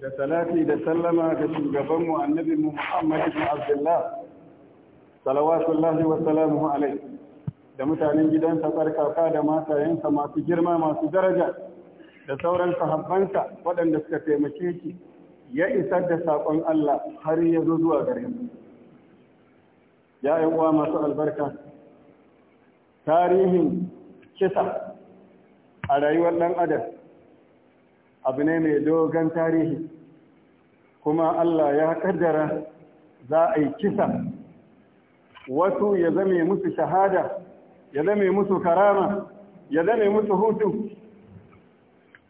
da salati da sallama ga shugabanmu annabi Muhammad ibn Abdullah salawatullahi wa salamuhu da mutanen gidansa barkaka da matayensa masu girma masu daraja da sauran sahabbansa waɗanda suka taimake ki, ya isa da saƙon Allah har ya zo zuwa gare mu ya yi uwa masu albarka tarihin kisa a rayuwar ɗan adam abu ne mai dogon tarihi kuma Allah ya kaddara za a yi kisa wasu ya zame musu shahada ya zame musu karama ya zame musu hutu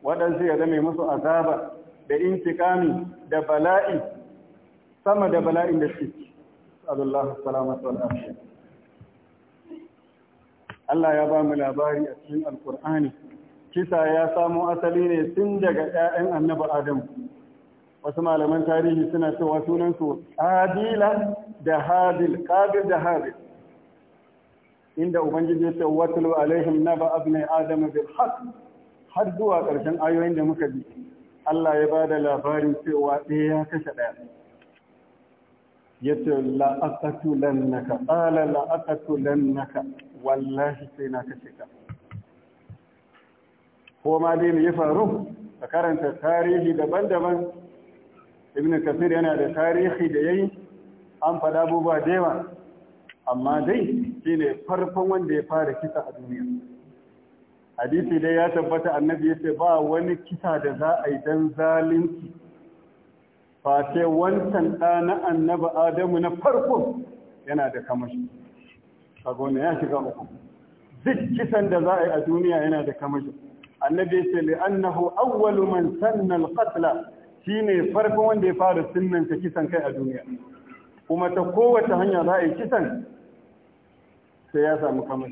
waɗansu ya zame musu azaba da intikami da bala'i sama da bala'in da shi sallallahu salamatu Allah ya ba mu labari a cikin alkur'ani kisa ya samo asali ne tun daga 'ya'yan annabi adam wasu malaman tarihi suna cewa sunansu adila da hadil da hadil inda ubangiji ya ce watlu alaihim naba abnai adama bil haqq har zuwa ƙarshen ayoyin da muka bi Allah ya bada labarin cewa ɗaya ya kashe ɗaya yace la aqatulannaka qala la aqatulannaka wallahi sai na kashe ka ko ma dai me ya faru a karanta tarihi daban-daban ibn kasir yana da tarihi da yayi an faɗa abubuwa da yawa amma dai shine farkon wanda ya fara kisa a duniya hadisi dai ya tabbata annabi ya ce ba wani kisa da za a yi dan zalunci face wancan ɗa na annabi adamu na farko yana da kamashi kaga ya shiga uku duk kisan da za a yi a duniya yana da kamashi annabi ya ce li'annahu awwalu man sanna al-qatl shine farkon wanda ya fara sunnan ta kisan kai a duniya kuma ta kowace hanya za a yi kisan sai ya samu kamar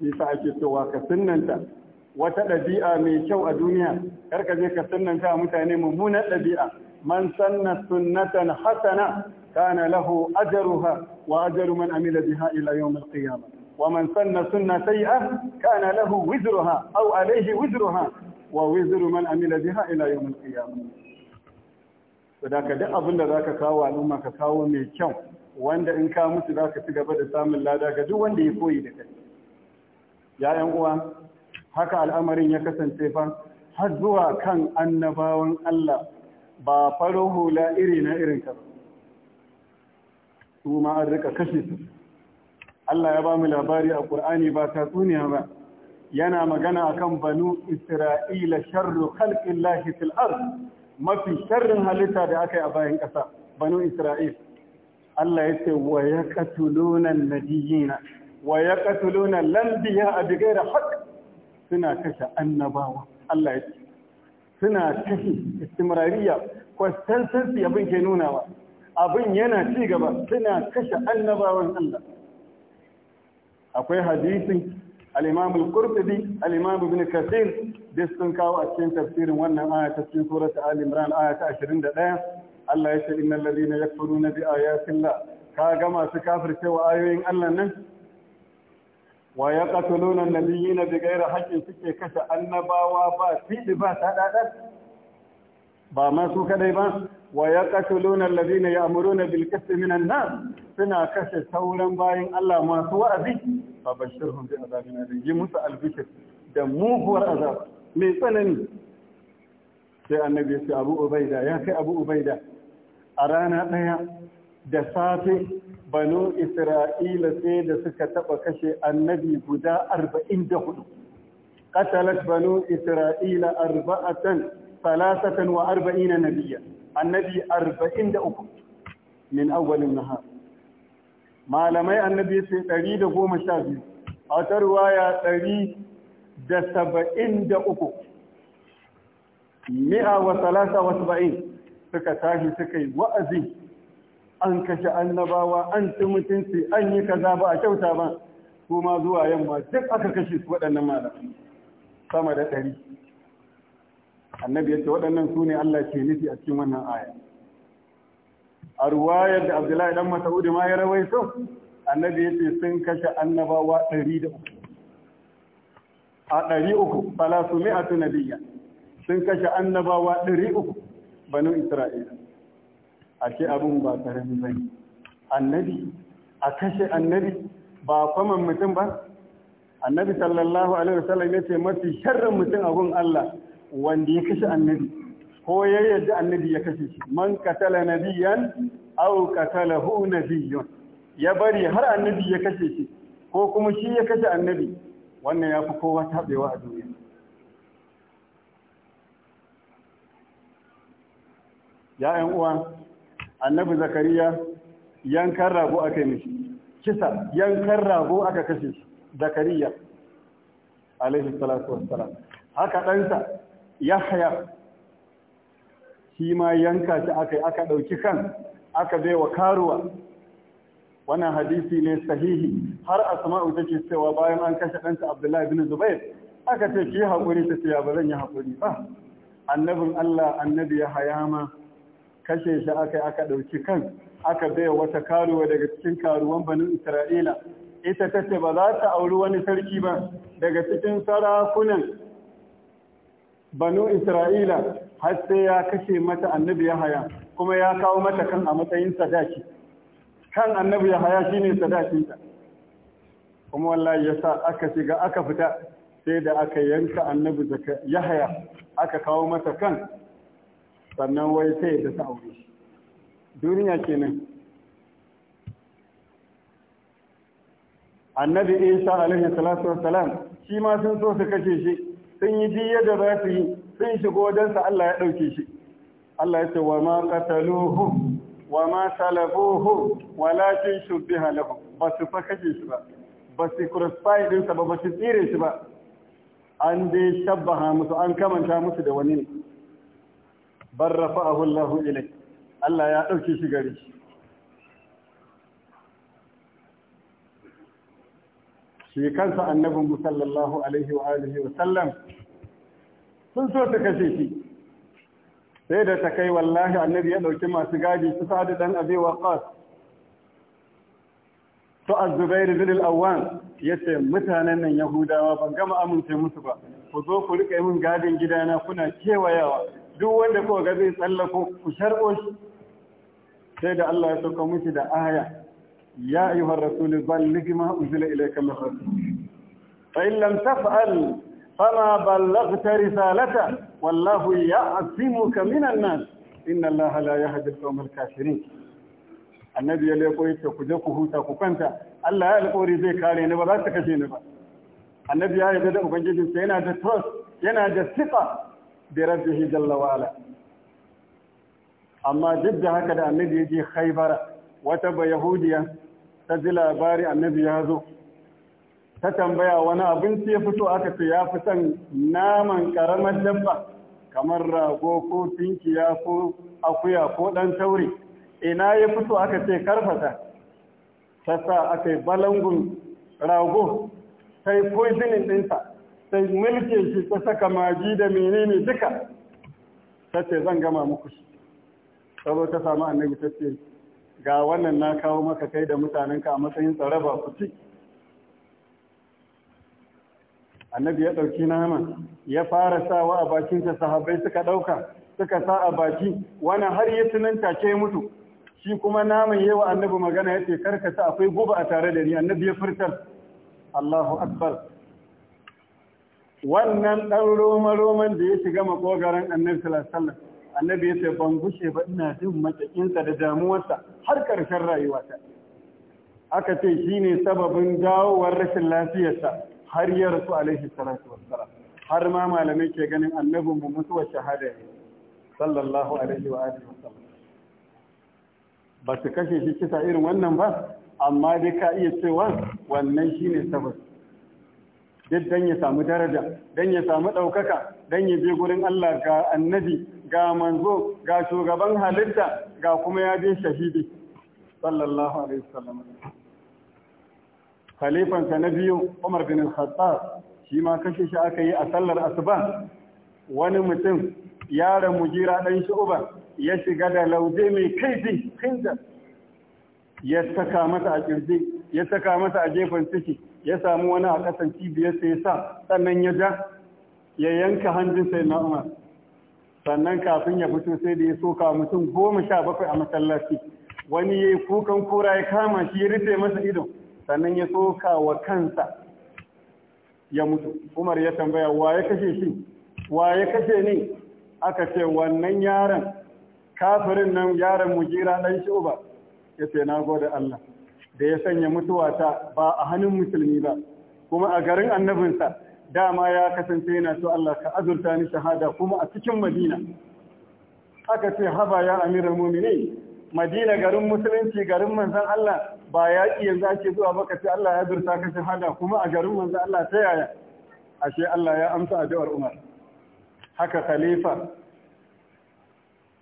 nisa ake cewa ka sunnanta wata ɗabi'a mai kyau a duniya karka je ka sunnanta a mutane mummunan ɗabi'a man sanna sunnatan hasana kana lahu ajruha wa ajru man amila biha ila yawm al-qiyamah ومن سن سنة سيئة كان له وزرها أو عليه وزرها ووزر من أمل بها إلى يوم القيامة فذاك دي أظن ذاك كاوى لما كاوى من كون wanda in ka mutu za ka ci gaba da samun lada ga duk wanda ya koyi da kai ya'yan uwa haka al'amarin ya kasance fa har zuwa kan annabawan Allah ba faro hula iri na irin ka su an rika kashe su Allah ya ba mu labari a Qur'ani ba ta tsuniya ba yana magana a kan banu Isra'ila sharru khalqillahi fil ard mafi sharrin halitta da aka yi a bayan ƙasa banu Isra'il Allah ya ce wa yaqtuluna an-nabiyina wa ya yaqtuluna al-anbiya bighairi haqq suna kashe annabawa Allah ya ce suna kashe istimrariya kwastansansu abin ke nunawa abin yana ci gaba suna kashe annabawan Allah akwai hadisin al-imam al-qurtubi al-imam ibn kathir duk sun kawo a cikin tafsirin wannan aya ta cikin surat al-imran aya ta 21 Allah ya ce innal ladina yakfuruna bi ayatillah ka ga masu kafircewa ayoyin Allah nan wa yaqtuluna an-nabiyina bighairi haqqin suke kashe annabawa ba fidi ba sadada ba ma su kadai ba wa ya katiluna alladhina ya'muruna bil qisti minan nas suna kashe sauran bayin Allah masu wa'azi fabashirhum bi azabin alim yi musu albishir da muhuwar azab mai tsanani sai annabi ya ce abu ubaida ya kai abu ubaida a rana ɗaya da safe banu isra'ila sai da suka taɓa kashe annabi guda arba'in da hudu katalat banu isra'ila arba'atan salasatan wa arba'ina nabiya annabi arba'in da uku min awwalin nahar malamai annabi ya ce 112 a wata ruwaya 173 mi'a wa salasa wa saba'in suka tashi suka yi wa'azi an kashe annabawa an ci mutunci an yi kaza ba a kyauta ba kuma zuwa yamma duk aka kashe su waɗannan malamai sama da ɗari annabi ya ce waɗannan su ne Allah ke nufi a cikin wannan aya a ruwayar da abdullahi dan mas'ud ma ya rawaito annabi yace sun kashe annabawa 300 a 300 falasumi'atu nabiyya sun kashe annabawa 300 banu isra'ila ashe abun ba karamin bane annabi a kashe annabi ba kwaman mutum ba annabi sallallahu alaihi wasallam yace mafi sharrin mutum a gun Allah wanda ya kashe annabi ko ya yadda annabi ya kashe shi man katala nabiyan aw qatalahu nabiyun ya bari har annabi ya kashe shi ko kuma shi ya kashe annabi wannan ya fi kowa tabewa a duniya ya uwa annabi zakariya yankan rago aka yi mishi kisa yankan rago aka kashe shi zakariya alaihi salatu wassalam haka ɗansa yahya shi ma yanka shi aka yi aka ɗauki kan aka bai wa karuwa wannan hadisi ne sahihi har asma'u take cewa bayan an kashe ɗanta abdullahi bin zubair aka ce ki hakuri ta ce ba zan yi hakuri ba annabin allah annabi ya hayama kashe shi aka aka ɗauki kan aka bai wata karuwa daga cikin karuwan banin isra'ila ita ta ce ba za ta auri wani sarki ba daga cikin sarakunan banu isra'ila har sai ya kashe mata annabi ya haya kuma ya kawo mata kan a matsayin sadaki kan annabi ya haya shine sadakinta kuma wallahi yasa aka shiga aka fita sai da aka yanka annabi zaka ya haya aka kawo mata kan sannan wai sai da ta aure shi duniya kenan annabi isa alaihi salatu wassalam shi ma sun so su kashe shi sun yi jiya da za su yi sun shigo don sa Allah ya ɗauke shi Allah ya ce wa ma qataluhu wa ma salabuhu walakin shubbiha lahum ba su fa kashe shi ba ba su crucify din sa ba ba su tsire shi ba an dai shabbaha musu an kamanta musu da wani bar rafa'ahu Allah ilayk Allah ya dauke shi gare shi shi kansa annabin sallallahu alaihi wa alihi wa sallam sun so su kashe shi sai da ta kai wallahi annabi ya ɗauki masu gadi su sadu dan abi waqas to az-zubair bin al-awwan yace mutanen nan yahudawa ban gama amince musu ba ku zo ku rika min gadin gidana kuna kewayawa duk wanda ko ga zai tsallako ku sharbo shi sai da Allah ya sauka miki da aya ya ayyuhar rasul balligh ma unzila ilayka min rabbik fa in lam taf'al فما بلغت رسالته والله يعصمك من الناس inna Allah la yahdi al kafirin annabi ya leko yace ku je ku huta ku kwanta Allah ya alƙawari zai kare ni ba za ta kashe ni ba annabi ya yarda da ubangijin sa yana da trust yana da sifa bi rabbih jalla wa amma duk da haka da annabi yaje je wata bayahudiya ta ji labarin annabi ya zo ta tambaya wani abinci ya fito aka ce ya fi son naman karamar dabba kamar rago ko tinkiya ko akuya ko ɗan taure ina ya fito aka ce karfata ta sa aka yi balangun rago ta yi poisonin ɗinsa ta mulke shi ta saka maji da menene duka ta ce zan gama muku shi ta ta samu annabi ta ce ga wannan na kawo maka kai da mutanenka a matsayin tsaraba ku ci annabi ya ɗauki nama ya fara sawa a bakinsa sahabbai suka ɗauka suka sa a baki wani har ya tunan take mutu shi kuma naman yi wa annabi magana ya ce karkata akwai guba a tare da ni annabi ya furtar Allahu akbar wannan ɗan roma-roman da ya shiga makogaran annabi sallallahu annabi ya ce ban gushe ba ina jin matsakinsa da damuwarsa har karshen rayuwata aka ce shine sababin dawowar rashin lafiyarsa har ya rasu alaihi salatu wassalam har ma malamai ke ganin annabin mu mutuwar shahada ne sallallahu alaihi wa alihi wasallam ba su kashe shi kisa irin wannan ba amma dai ka iya cewa wannan shine sabas duk dan ya samu daraja dan ya samu ɗaukaka dan ya je gurin Allah ga annabi ga manzo ga shugaban halitta ga kuma ya je shahidi sallallahu alaihi wasallam khalifansa na biyu Umar bin Khattab shi ma kashe shi aka yi a sallar asuba wani mutum yaron mujira dan uba ya shiga da lauje mai kaifi kinda ya saka mata a kirji ya saka mata a gefen ciki ya samu wani a kasan cibiyar sai ya sa sannan ya ja ya yanka hanjin sai na Umar sannan kafin ya fito sai da ya soka mutum goma sha bakwai a masallaci wani ya yi kukan kura ya kama shi ya rufe masa ido sannan ya soka wa kansa ya mutu umar ya tambaya wa ya kashe shi wa ya kashe ni aka ce wannan yaron kafirin nan yaron mujira dan uba ya ce na gode Allah da ya sanya mutuwa ta ba a hannun musulmi ba kuma a garin annabinsa dama ya kasance yana so Allah ka azurta ni shahada kuma a cikin Madina aka ce haba ya amiral mu'minin Madina garin musulunci garin manzon Allah ba yaƙi yanzu ake zuwa baka ce Allah ya zurta kashe hada kuma a garin manzo Allah ta yaya ashe Allah ya amsa addu'ar Umar haka khalifa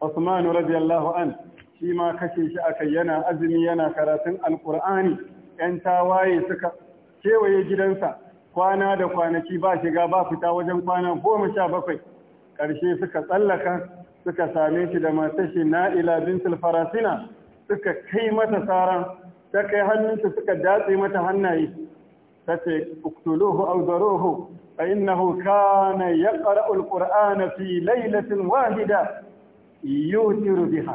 Usman radiyallahu an shi ma kashe shi aka yana azumi yana karatun alqur'ani yan tawaye suka kewaye gidansa kwana da kwanaki ba shiga ba fita wajen kwana goma sha bakwai ƙarshe suka tsallaka suka same shi da matashi na'ila bintul farasina suka kai mata saran ta kai hannunta suka datse mata hannaye ta ce uktuluhu aw daruhu fa innahu kana yaqra alqur'ana fi laylatin wahida yutiru biha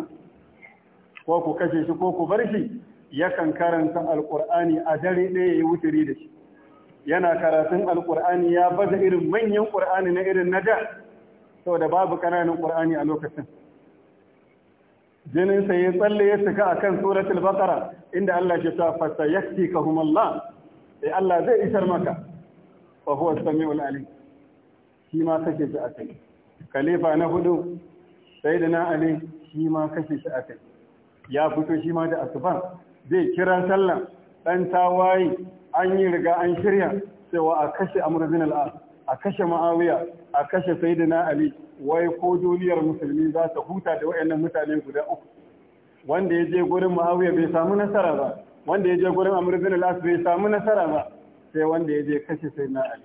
ko ku kashe shi ko ku bar shi yakan karanta alqur'ani a dare ɗaya ya wuturi da shi yana karatun alqur'ani ya baza irin manyan qur'ani na irin na da saboda babu ƙananan qur'ani a lokacin jinin sa ya tsalle ya shiga akan suratul baqara inda Allah ke cewa fa sayaktikahum Allah eh Allah zai isar maka fa huwa samiul alim shi ma kake shi akai khalifa na hudu sayyidina ali shi ma kake shi akai ya fito shi ma da asuban zai kira sallah dan tawayi an yi riga an shirya sai wa a kashe amr bin al-as a kashe ma'awiya a kashe sayyidina ali wai ko duniyar musulmi za ta huta da waɗannan mutane guda uku wanda ya je gurin Muawiya bai samu nasara ba wanda ya je gurin Amr bin al-As bai samu nasara ba sai wanda ya je kashe Sayyidina Ali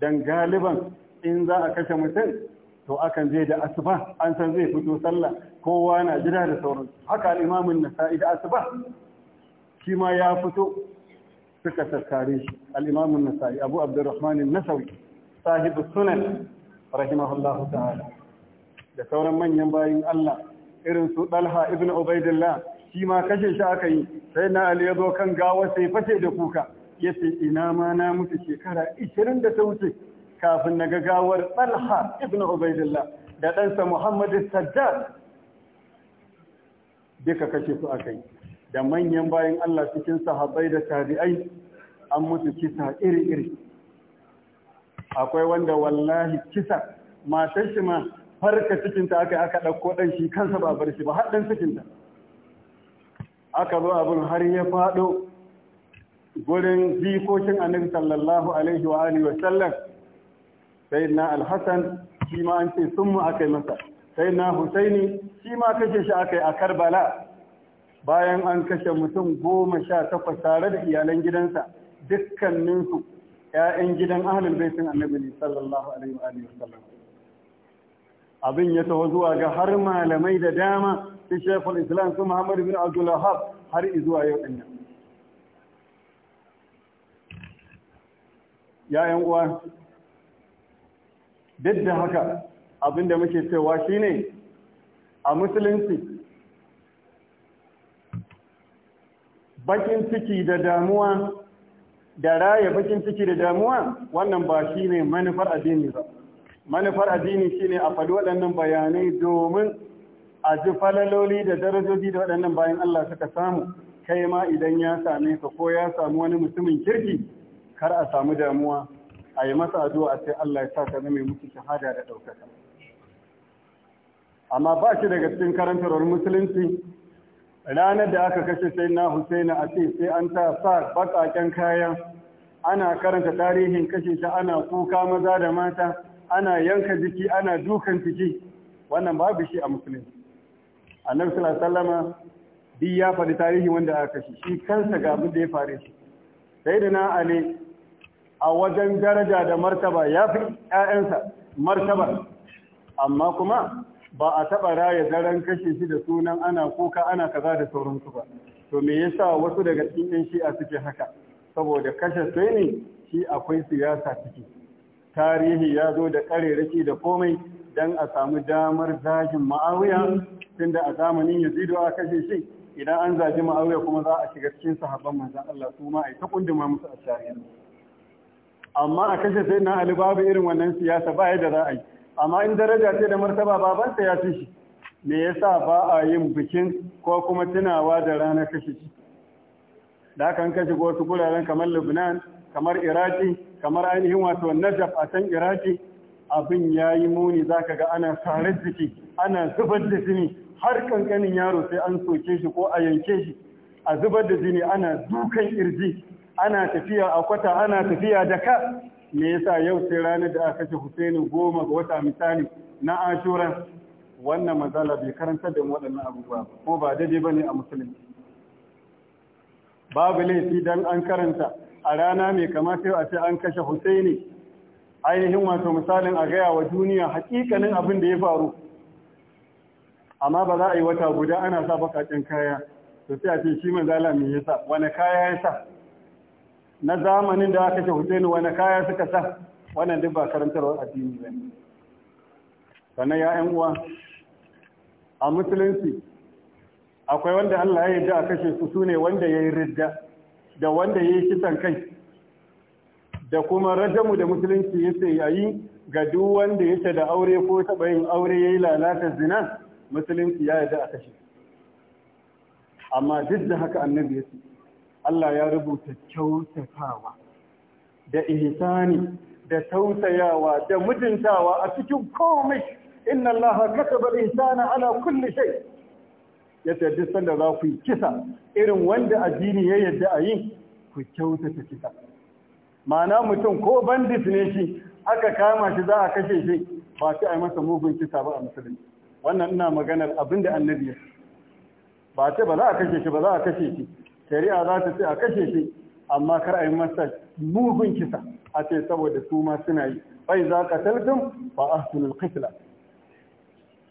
dan galiban in za a kashe mutum to akan je da asuba an san zai fito sallah kowa na jira da sauran haka al-Imamun Nasa'i da asuba shi ya fito suka tattare shi al-Imamun Nasa'i Abu Abdurrahman an-Nasawi sahibu sunan rahimahullahu ta'ala da sauran manyan bayin Allah irin su Dalha ibn Ubaidillah shi ma kashe shi aka yi sai na Ali ya kan gawa sai fashe da kuka yace ina ma na mutu shekara 20 da ta wuce kafin na ga gawar Dalha ibn Ubaidillah da ɗansa Muhammad Sajjad duka kashe su aka yi da manyan bayin Allah cikin sahabbai da tabi'ai an mutu kisa iri-iri akwai wanda wallahi kisa matar shi ma farka cikinta aka aka ɗauko ɗan shi kansa ba bar shi ba haɗin cikinta aka zo abin har ya faɗo gurin jikokin annabi sallallahu alaihi wa alihi wa sallam sayyidina al-hasan shi ma an ce sun mu aka yi masa sayyidina husaini shi ma kashe shi aka yi a karbala bayan an kashe mutum goma sha takwas tare da iyalan gidansa dukkaninsu Ya'yan gidan ahalin baitin annabi ne sallallahu alaihi wa alihi wasallam abin ya taho zuwa ga har malamai da dama su shekul islam su Muhammadu bin abdul har zuwa yau ɗin nan ya'yan uwa duk da haka abin da muke cewa shine a musulunci bakin ciki da damuwa da raya bakin ciki da damuwa wannan ba shi ne manufar addini ba manufar addini shi ne a faɗi waɗannan bayanai domin a ji falaloli da darajoji da waɗannan bayan Allah suka samu kai ma idan ya same ka ko ya samu wani mutumin kirki kar a samu damuwa a yi masa addu'a sai Allah ya sa ka mai musu shahada da ɗaukaka amma ba shi daga cikin karantarwar musulunci ranar da aka kashe sai na Husaina a ce sai an ta sa bakaken kaya ana karanta tarihin kashe ta ana kuka maza da mata ana yanka jiki ana dukan jiki wannan babu shi a Musulmi. annabi sallallahu alaihi wasallam ya faɗi tarihi wanda aka kashe shi kansa ga abin da ya fare shi na ali a wajen daraja da martaba ya fi ƴaƴansa martaba amma kuma ba a taɓa raya daren kashe shi da sunan ana kuka ana kaza da sauransu ba to me yasa wasu daga cikin yan shi'a suke haka saboda kashe sai ne shi akwai siyasa ciki tarihi ya zo da ƙarerake da komai don a samu damar zagin ma'awiya da a zamanin yazidu a kashe shi idan an zaji ma'awiya kuma za a shiga cikin sahabban manzan Allah su ma a yi ta musu a amma a kashe sai na ali babu irin wannan siyasa ba yadda za a yi amma in daraja ce da martaba babansa ya fi shi me yasa ba a yin bikin ko kuma tunawa da ranar kashe shi da kan kashe wasu guraren kamar Lebanon kamar Iraki kamar ainihin wato Najaf a can Iraki abin yayi muni zaka ga ana tare jiki ana zubar da jini har kankanin yaro sai an soke shi ko a yanke shi a zubar da jini ana dukan irji ana tafiya a kwata ana tafiya da ka me yasa yau sai ranar da aka ce Husaini goma ga wata misali na Ashura wannan mazala bai karanta da waɗannan abubuwa ko ba daidai bane a musulunci babu laifi dan an karanta a rana mai kama sai a ce an kashe Husaini ainihin wato misalin a gaya wa duniya hakikanin abin da ya faru amma ba za a yi wata guda ana sa bakakin kaya to sai a ce shi mazala me yasa wani kaya yasa sa na zamanin da aka ce Hussaini wani kaya suka sa wannan duk ba karantarwar addini ba ne sannan ya uwa a musulunci akwai wanda Allah ya yarda a kashe su sune wanda ya yi ridda da wanda ya yi kisan kai da kuma rajamu da musulunci ya ce yayi ga duk wanda yake da aure ko taɓa yin aure ya yi lalata zina musulunci ya yarda a kashe amma duk da haka annabi ya ce Allah ya rubuta kyautatawa da ihsani da tausayawa da mutuntawa a cikin komai inna Allah kataba al-ihsana ala kulli shay yace duk sanda za ku yi kisa irin wanda addini ya yadda a yi ku kyautata kisa ma'ana mutum ko bandit ne shi aka kama shi za a kashe shi ba ta ai masa mugun kisa ba a musulunci wannan ina maganar abinda annabi ya ba ta ba za a kashe shi ba za a kashe shi shari'a za ta ce a kashe shi amma kar a yi masa mugun kisa a ce saboda su ma suna yi bai za ka talfin fa ahsunul qitla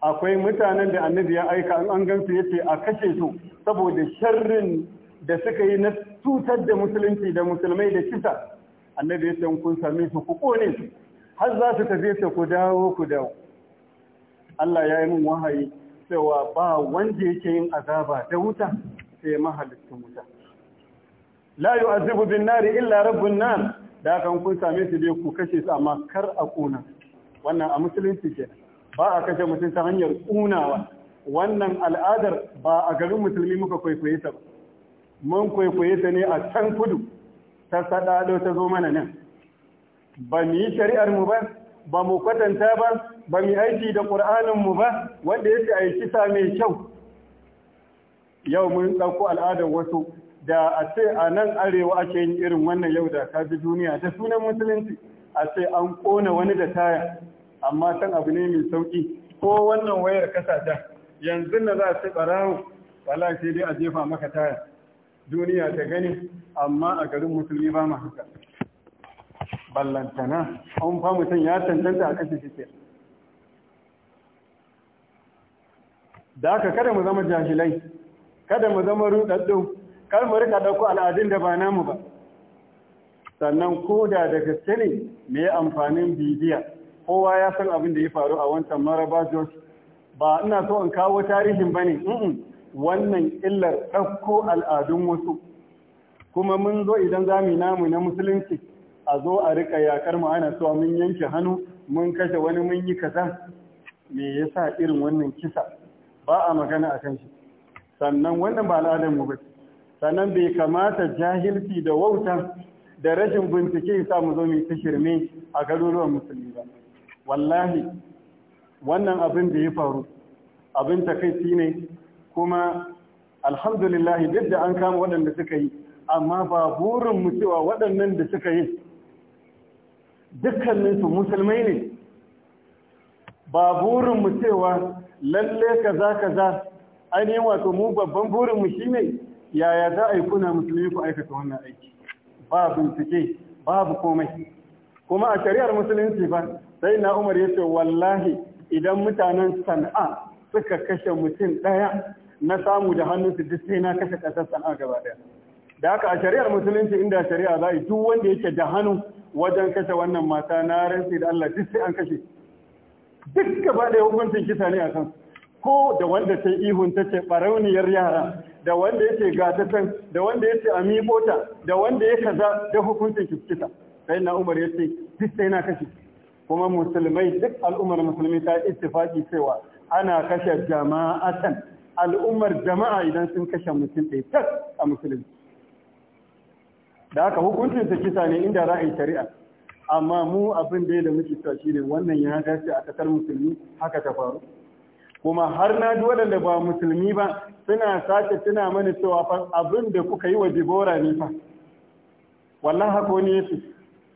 akwai mutanen da annabi ya aika an an gansu yace a kashe su saboda sharrin da suka yi na cutar da musulunci da musulmai da kisa annabi ce kun sami su ku kone su har za su tafi su ku dawo ku dawo Allah ya yi min wahayi cewa ba wanda yake yin azaba da wuta kasance mahalittun wuta la yu'azibu bin nari illa rabbun nar da kan kun same su dai ku kashe su amma kar a kuna wannan a musulunci ke ba a kashe mutum ta hanyar kunawa wannan al'adar ba a garin musulmi muka kwaikwaye ta ba mun kwaikwaye ta ne a can kudu ta saɗaɗo ta zo mana nan ba mu yi shari'ar mu ba ba mu kwatanta ba ba mu aiki da ƙur'anin mu ba wanda ce a yi kisa mai kyau yau mun ɗauko al'adar wasu da a ce a nan arewa ake yin irin wannan yau da ka duniya da sunan musulunci a ce an ƙona wani da taya amma san abu ne mai sauƙi ko wannan wayar kasata yanzu na za a ce ɓarawo wala sai dai a jefa maka taya duniya ta gani amma a garin musulmi ba mu haka ballantana an fa mutum ya cancanta a kashe shi da aka kada mu zama jahilai kada mu zama rudaddu kar mu rika dauko al'adun da ba namu ba sannan koda da gaske ne me amfanin bibiya kowa ya san abin da ya faru a wancan maraba jos ba ina so in kawo tarihin bane mm wannan illar dauko al'adun wasu kuma mun zo idan zamu namu na musulunci a zo a rika yakar mu ana so mun yanke hannu mun kashe wani mun yi kaza me yasa irin wannan kisa ba a magana akan shi sannan wannan ba al'adar mu ba sannan bai kamata jahilci da wauta da rashin bincike ya sa mu zo mu ta shirme a garuruwan musulmi ba wallahi wannan abin da ya faru abin takaici ne kuma alhamdulillah duk da an kama waɗanda suka yi amma ba burin mu cewa waɗannan da suka yi dukkaninsu musulmai ne ba burin mu cewa lalle kaza kaza ainihin wato mu babban burin shi ne yaya za a yi kuna musulmi ku aikata wannan aiki ba bincike babu komai kuma a shari'ar musulunci ba sai na umar ya ce wallahi idan mutanen sana'a suka kashe mutum ɗaya na samu da hannunsu duk sai na kashe ƙasar sana'a gaba ɗaya da haka a shari'ar musulunci inda shari'a za a yi duk wanda yake da hannu wajen kashe wannan mata na rantsi da Allah duk sai an kashe duk gaba ɗaya hukuncin kisa ne a kansu ko da wanda ta ihun ta ce barauniyar yara da wanda ya ce gatatan da wanda ya ce a da wanda ya kaza da hukuncin kiskita sai na umar ya ce duk sai na kashe kuma musulmai duk al'ummar musulmi ta ittifaki cewa ana kashe jama'atan al'ummar jama'a idan sun kashe mutum ɗaya tas a musulmi da haka hukuncin kisa ne inda ra'ayin shari'a amma mu abin da ya da muke cewa ne wannan ya dace a kasar musulmi haka ta faru kuma har na ji waɗanda ba musulmi ba suna sake tuna mani cewa fa abin da kuka yi wa dibora ne fa wallan hako ne yace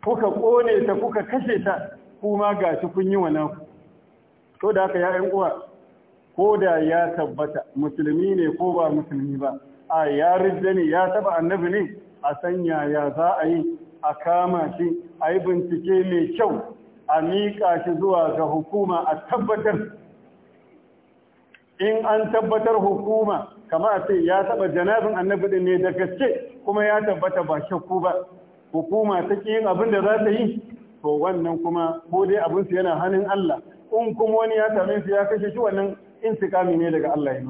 kuka kone ta kuka kashe ta kuma ga shi kun yi wannan to da haka ya uwa ko da ya tabbata musulmi ne ko ba musulmi ba a ya rijda ne ya taba annabi ne a sanya ya za a yi a kama shi a yi bincike mai kyau a miƙa shi zuwa ga hukuma a tabbatar in an tabbatar hukuma kama a ya taba janabin annabi din ne da gaske kuma ya tabbata ba shakku ba hukuma ta yin abin da za ta yi to wannan kuma ko dai abin su yana hannun Allah in kuma wani ya same su ya kashe shi wannan intikami ne daga Allah ya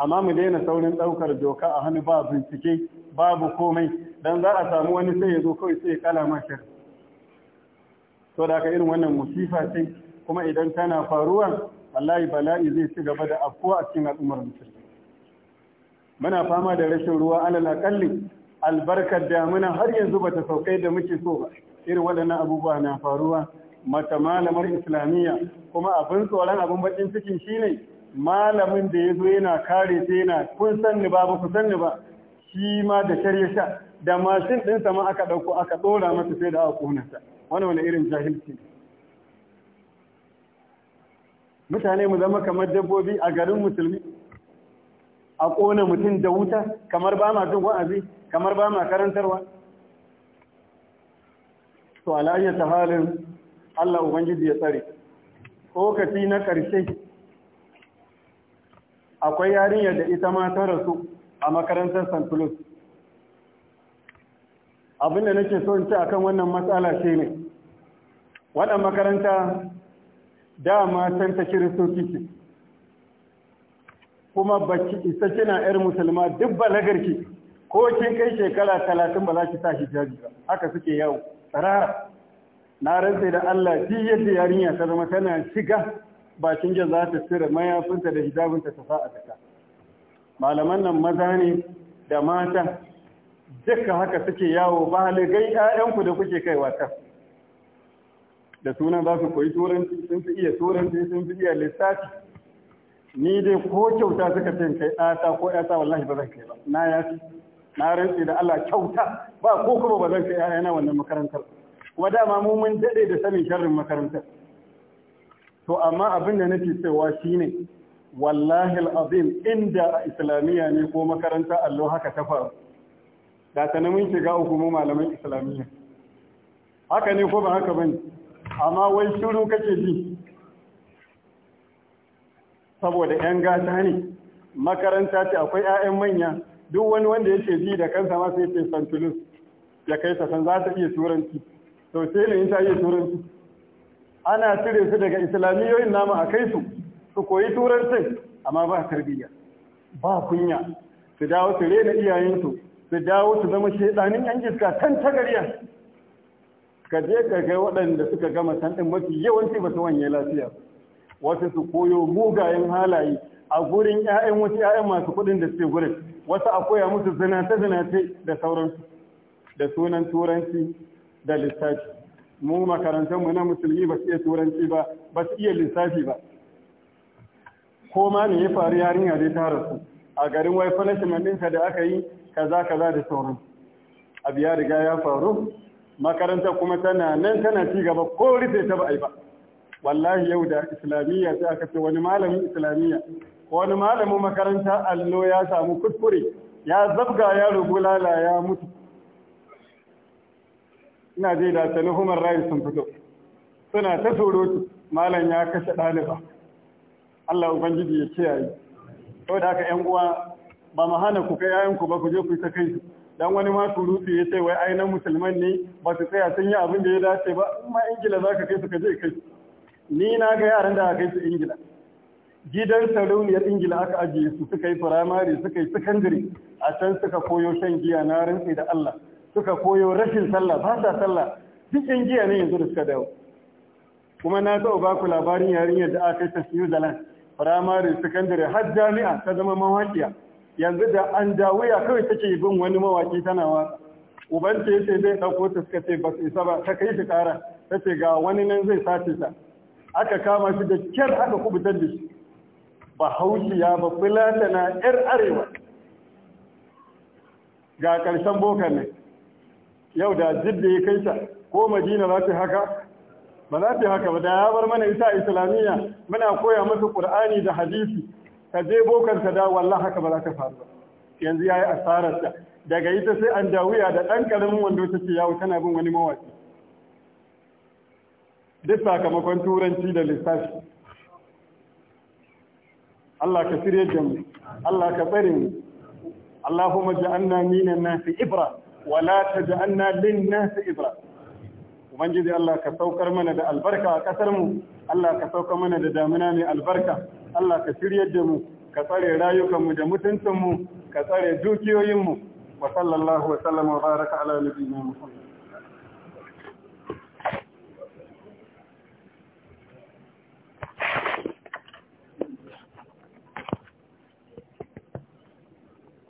amma mu daina saurin ɗaukar doka a hannu ba bincike babu komai dan za a samu wani sai ya zo kawai sai kalama kala to da ka irin wannan musifa ce kuma idan tana faruwa wallahi bala'i zai ci gaba da afkuwa a cikin al'ummar musulmi muna fama da rashin ruwa alal akalli albarkar damuna har yanzu bata saukai da muke so ba irin waɗannan abubuwa na faruwa mata malamar islamiyya kuma abin tsoron abin bakin cikin shine malamin da ya zo yana kare ta yana kun san ba ba ku san ni ba shi ma da shirya sha da mashin ɗinsa ma aka ɗauko aka ɗora masa sai da aka ƙunasa wani wani irin jahilci ne mutane mu zama kamar dabbobi a garin musulmi a ƙona mutum da wuta kamar ba ma jin wa'azi kamar ba ma karantarwa to ta halin Allah Ubangiji ya tsare tsokaci na ƙarshe akwai yarinyar da ita ma ta rasu a makarantar St. Louis abinda nake so in ce akan wannan matsala shi ne waɗan makaranta dama can ta kiristoci ce kuma ba isa kina yar musulma duk balagarki ko kin kai shekara talatin ba za ki sa hijabi ba haka suke yawo tsarara na rantsa da Allah shi yadda yarinya ta zama tana shiga bakin jan za ta tsira mayafinta da hijabinta ta sa a taka malaman nan maza ne da mata duka haka suke yawo ba haligai 'ya'yanku da kuke kaiwa ta da sunan za su koyi turanci sun fi iya turanci sun fi iya lissafi ni dai ko kyauta suka ce kai ɗata ko ɗata, wallahi ba zan kai ba na yafi na rantsi da Allah kyauta ba ko kuma ba zan kai ƴaƴana wannan makarantar kuma dama mu mun daɗe da sanin sharrin makarantar to amma abin da nake cewa shine wallahi al'azim inda a islamiyya ne ko makaranta allo haka ta faru da ta mun shiga hukumar malaman islamiyya haka ne ko ba haka bane amma wai shiru kake ji saboda 'yan gata ne makaranta ce akwai 'ya'yan manya duk wani wanda yake ji da kansa ma sai san ya kai sa san za ta iya turanci to sai ne ta iya turanci ana cire su daga islamiyoyin namu a kai su su koyi turanci amma ba tarbiyya ba kunya su dawo su rena iyayensu su dawo su zama shaidanin yan giska kan tagariya ka je ka kai waɗanda suka gama san ɗin mafi yawanci ba su wanye lafiya wasu su koyo mugayen halaye a gurin 'ya'yan wasu 'ya'yan masu kuɗin da suke gurin wasu a musu zinace zinace da sauransu da sunan turanci da lissafi mu makarantarmu na musulmi ba su iya turanci ba ba su iya lissafi ba ko ma ne ya faru yarinya dai ta rasu a garin wai punishment Mandinka da aka yi kaza kaza da sauran abu ya riga ya faru makaranta kuma tana nan tana ci gaba ko rufe ta ba a yi ba wallahi yau da islamiyya sai aka ce wani malamin islamiyya wani malamin makaranta allo ya samu kuskure ya zabga ya lala ya mutu ina je da tani human rights sun fito suna ta surutu malam ya kashe ɗaliba Allah ubangiji ya kiyaye da haka yan uwa ba mu hana ku kai yayan ba ku je ku ta kai su dan wani ma surutu ya ce wai ai na musulman ne ba su tsaya sun yi abin da ya dace ba in ma ingila za ka kai su ka je kai ni na ga yaran da aka kai su ingila gidan sarauniyar ingila aka ajiye su suka yi firamare suka yi sakandare a can suka koyo shan giya na rantsi da allah suka koyo rashin sallah ba sa sallah duk yan giya ne yanzu da suka dawo kuma na ga ba ku labarin yarinyar da aka kai ta new zealand firamare sakandare har jami'a ta zama mawaƙiya yanzu da an dawuya kawai take bin wani mawaki tana wa. uban ce yace zai dauko ta suka ce ba su isa ba ta kai shi kara tace ga wani nan zai sace ta aka kama shi da kyar aka kubutar da shi ba haushiya ba fulata na yar arewa ga karshen bokan ne yau da jidda ya kai ta ko madina za ta haka ba za ta haka ba da ya bar mana isa islamiyya muna koya masa qur'ani da hadisi ka je bokan ta da wallahi haka ba za ka faru ba yanzu yayi asarar ta daga ita sai an dawuya da dan karamin wando ce yawo tana bin wani mawaki duk sakamakon turanci da lissafi Allah ka sirye da mu Allah ka tsare mu Allahumma ja'alna minan nasi ibra wa la taj'alna lin nasi ibra Ubangiji Allah ka saukar mana da albarka a ƙasar mu Allah ka saukar mana da damina mai albarka Allah ka shiryar da mu ka tsare rayukanmu da mutuntunmu ka tsare dukiyoyinmu wa sallallahu wa sallama wa baraka ala nabiyina Muhammad